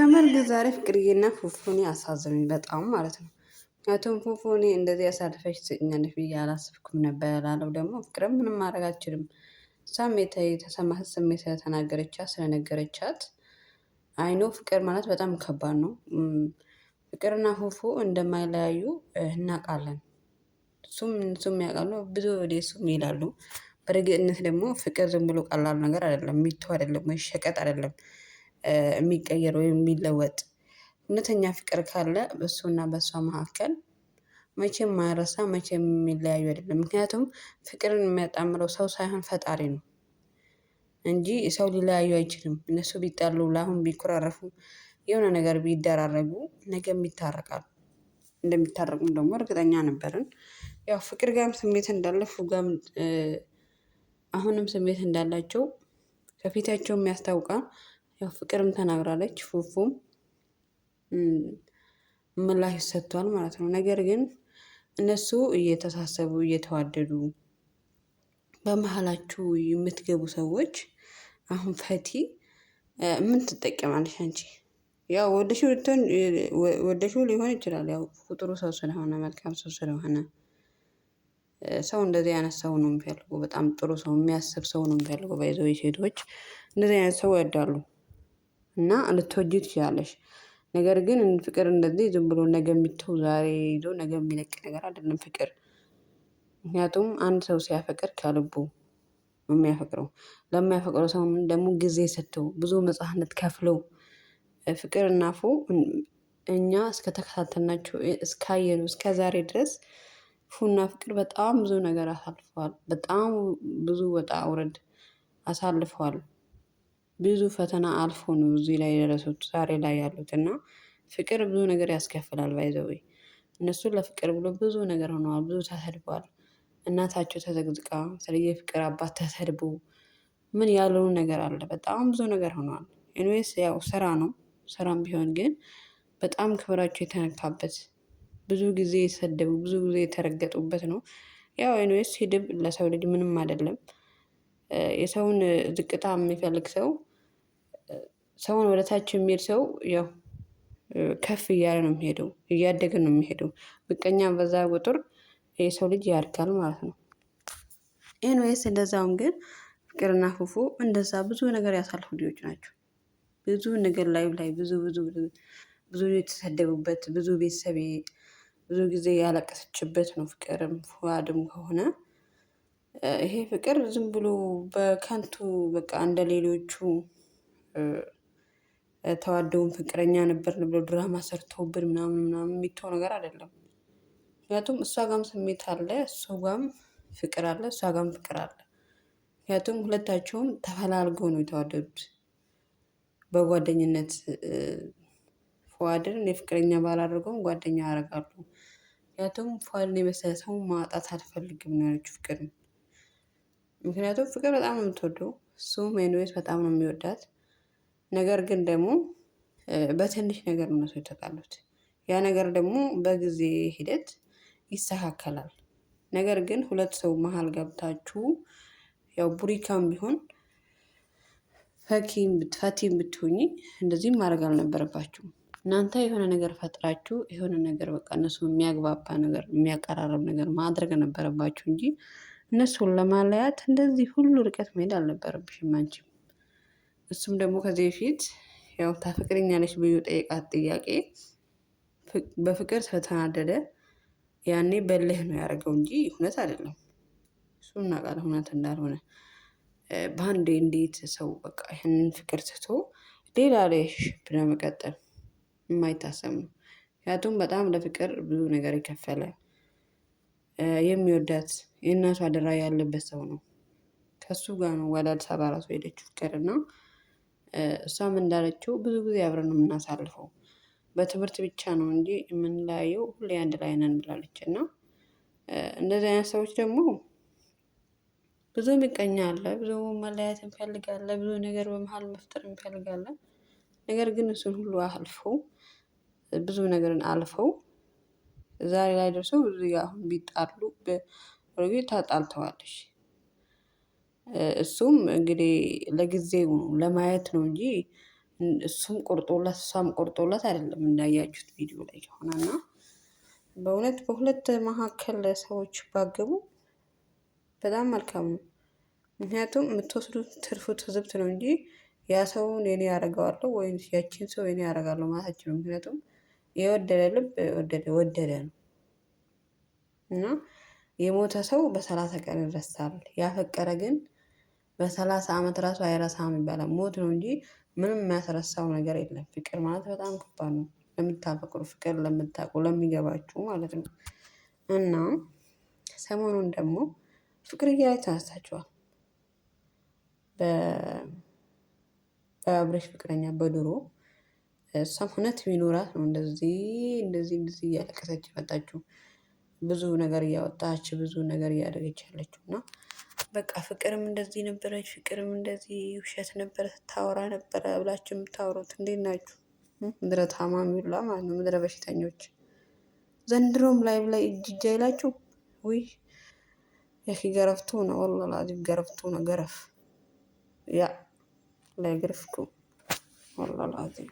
ከመርግ ዛሬ ፍቅርዬና ፉፉኔ አሳዘኑኝ በጣም ማለት ነው። ምክንያቱም ፉፉኔ እንደዚህ ያሳልፈች ትሰኛለች ብዬ አላስብኩም ነበር ያላለው ደግሞ ፍቅርም ምንም ማድረግ አልችልም። እሷም የተሰማት ስሜት ስለተናገረቻት ስለነገረቻት አይኖ ፍቅር ማለት በጣም ከባድ ነው። ፍቅርና ፉፉ እንደማይለያዩ እናውቃለን። እሱም እሱም ያውቃሉ ብዙ ወደ እሱም ይላሉ። በእርግጥነት ደግሞ ፍቅር ዝም ብሎ ቀላል ነገር አይደለም። የሚተው አይደለም ወይ ሸቀጥ አይደለም። የሚቀየር ወይም የሚለወጥ እውነተኛ ፍቅር ካለ በእሱና በእሷ መካከል መቼም ማይረሳ መቼም የሚለያዩ አይደለም። ምክንያቱም ፍቅርን የሚያጣምረው ሰው ሳይሆን ፈጣሪ ነው እንጂ ሰው ሊለያዩ አይችልም። እነሱ ቢጣሉ ለአሁን ቢኮራረፉ የሆነ ነገር ቢደራረጉ ነገም ይታረቃሉ። እንደሚታረቁም ደግሞ እርግጠኛ ነበርን። ያው ፍቅር ጋም ስሜት እንዳለ ፉጋም አሁንም ስሜት እንዳላቸው ከፊታቸው የሚያስታውቃ ያው ፍቅርም ተናግራለች፣ ፉፉም ምላሽ ሰጥቷል ማለት ነው። ነገር ግን እነሱ እየተሳሰቡ እየተዋደዱ በመሀላችሁ የምትገቡ ሰዎች አሁን ፈቲ ምን ትጠቀማለሽ አንቺ ያው ወደሽው ሊሆን ይችላል። ያው ቁጥሩ ሰው ስለሆነ መልካም ሰው ስለሆነ ሰው እንደዚህ አይነት ሰው ነው የሚፈልጉ። በጣም ጥሩ ሰው የሚያስብ ሰው ነው የሚፈልጉ። ባይዘው ሴቶች እንደዚህ አይነት ሰው ያዳሉ። እና ልትወጂው ትችላለሽ። ነገር ግን ፍቅር እንደዚህ ዝም ብሎ ነገ የሚተው ዛሬ ይዞ ነገ የሚለቅ ነገር አይደለም ፍቅር። ምክንያቱም አንድ ሰው ሲያፈቅር ከልቡ የሚያፈቅረው ለሚያፈቅረው ሰው ደግሞ ጊዜ ሰጥተው ብዙ መጽሐፍነት ከፍለው ፍቅር እናፉ ፉ እኛ እስከተከታተልናቸው እስካየኑ እስከ ዛሬ ድረስ ፉና ፍቅር በጣም ብዙ ነገር አሳልፈዋል። በጣም ብዙ ወጣ ውረድ አሳልፈዋል ብዙ ፈተና አልፎ ነው እዚህ ላይ የደረሱት ዛሬ ላይ ያሉት እና ፍቅር ብዙ ነገር ያስከፍላል። ባይዘዊ እነሱ ለፍቅር ብሎ ብዙ ነገር ሆነዋል። ብዙ ተሰድቧል። እናታቸው ተዘግዝቃ ተለየ ፍቅር አባት ተሰድቦ ምን ያለውን ነገር አለ። በጣም ብዙ ነገር ሆነዋል። ኢንዌስ ያው ስራ ነው ስራም ቢሆን ግን በጣም ክብራቸው የተነካበት ብዙ ጊዜ የተሰደቡ ብዙ ጊዜ የተረገጡበት ነው። ያው ኢንዌስ ሂድብ ለሰው ልጅ ምንም አይደለም። የሰውን ዝቅታ የሚፈልግ ሰው ሰውን ወደ ታች የሚሄድ ሰው ያው ከፍ እያለ ነው የሚሄደው፣ እያደገ ነው የሚሄደው። ምቀኛ በዛ ቁጥር የሰው ልጅ ያድጋል ማለት ነው። ይህን ወይስ እንደዛውም ግን ፍቅርና ፉፉ እንደዛ ብዙ ነገር ያሳልፉ ልጆች ናቸው። ብዙ ነገር ላይ ላይ ብዙ ብዙ ብዙ የተሰደቡበት ብዙ ቤተሰብ ብዙ ጊዜ ያለቀሰችበት ነው። ፍቅርም ፉአድም ከሆነ ይሄ ፍቅር ዝም ብሎ በከንቱ በቃ እንደ ሌሎቹ ተዋደውን ፍቅረኛ ነበር ብሎ ድራማ ሰርተውብን ምናምን ምናምን የሚተው ነገር አይደለም። ምክንያቱም እሷ ጋም ስሜት አለ፣ እሱ ጋም ፍቅር አለ፣ እሷ ጋም ፍቅር አለ። ምክንያቱም ሁለታቸውም ተፈላልገው ነው የተዋደዱት በጓደኝነት ፈዋድን የፍቅረኛ ባል አድርገውም ጓደኛ ያደርጋሉ። ምክንያቱም ፈዋድን የመሰለ ሰው ማጣት አልፈልግም ነው ያለችው ፍቅር። ምክንያቱም ፍቅር በጣም ነው የምትወደው እሱም ኤኒዌይስ በጣም ነው የሚወዳት ነገር ግን ደግሞ በትንሽ ነገር እነሱ የተጣሉት ያ ነገር ደግሞ በጊዜ ሂደት ይስተካከላል። ነገር ግን ሁለት ሰው መሀል ገብታችሁ ያው ቡሪካም ቢሆን ፈቲም ብትሆኚ እንደዚህም ማድረግ አልነበረባችሁም። እናንተ የሆነ ነገር ፈጥራችሁ የሆነ ነገር በቃ እነሱ የሚያግባባ ነገር የሚያቀራረብ ነገር ማድረግ ነበረባችሁ እንጂ እነሱን ለማለያት እንደዚህ ሁሉ ርቀት መሄድ አልነበረብሽም አንቺ እሱም ደግሞ ከዚህ በፊት ያው ታፈቅረኛለች ብዬ ጠይቃት ጥያቄ በፍቅር ስለተናደደ ያኔ በልህ ነው ያደረገው እንጂ እውነት አይደለም። እሱ እናቃለ እውነት እንዳልሆነ። በአንዴ እንዴት ሰው በቃ ይህንን ፍቅር ትቶ ሌላ ላይ ሽብረ መቀጠል የማይታሰብ ነው። ምክንያቱም በጣም ለፍቅር ብዙ ነገር የከፈለ የሚወዳት የእናቱ አደራ ያለበት ሰው ነው። ከሱ ጋር ነው ወደ አዲስ አበባ ራሱ ሄደች ፍቅር እና እሷም እንዳለችው ብዙ ጊዜ አብረን ነው የምናሳልፈው በትምህርት ብቻ ነው እንጂ የምንለያየው ሁሌ አንድ ላይ ነን ብላለች። እና እንደዚህ አይነት ሰዎች ደግሞ ብዙ ምቀኛ አለ፣ ብዙ መለያየት እንፈልጋለን፣ ብዙ ነገር በመሀል መፍጠር እንፈልጋለ። ነገር ግን እሱን ሁሉ አልፈው ብዙ ነገርን አልፈው ዛሬ ላይ ደርሰው ብዙ አሁን ቢጣሉ ታጣልተዋለች። እሱም እንግዲህ ለጊዜው ለማየት ነው እንጂ እሱም ቆርጦላት እሷም ቆርጦላት አይደለም። እንዳያችሁት ቪዲዮ ላይ ከሆነና በእውነት በሁለት መካከል ሰዎች ባገቡ በጣም መልካም ነው። ምክንያቱም የምትወስዱት ትርፉት ህዝብት ነው እንጂ ያ ሰውን የኔ ያደርገዋለሁ ወይም ያችን ሰው የኔ ያደርጋለሁ ማለት ነው። ምክንያቱም የወደደ ልብ ወደደ ወደደ ነው እና የሞተ ሰው በሰላሳ ቀን ይረሳል። ያፈቀረ ግን በሰላሳ አመት ራሱ አይረሳም ይባላል። ሞት ነው እንጂ ምንም የሚያስረሳው ነገር የለም። ፍቅር ማለት በጣም ከባድ ነው ለምታፈቅሩ ፍቅር ለምታውቁ ለሚገባችሁ ማለት ነው። እና ሰሞኑን ደግሞ ፍቅር ላይ ተነስታችኋል። በአብሬሽ ፍቅረኛ በድሮ እሷም እውነት የሚኖራት ነው እንደዚህ እንደዚህ እንደዚህ እያለቀሰች የመጣችው ብዙ ነገር እያወጣች ብዙ ነገር እያደረገች ያለችው እና በቃ ፍቅርም እንደዚህ ነበረች፣ ፍቅርም እንደዚህ ውሸት ነበረ ስታወራ ነበረ ብላችሁ የምታወሩት እንዴት ናችሁ? ምድረ ታማሚላ ማለት ነው፣ ምድረ በሽተኞች ዘንድሮም ላይብ ላይ እጅ እጅ አይላችሁ ውይ ያኪ ገረፍቱ ነው ወላሂ አዚም ገረፍቱ ነው ገረፍ ያ ላይ ገረፍኩ ወላሂ አዚም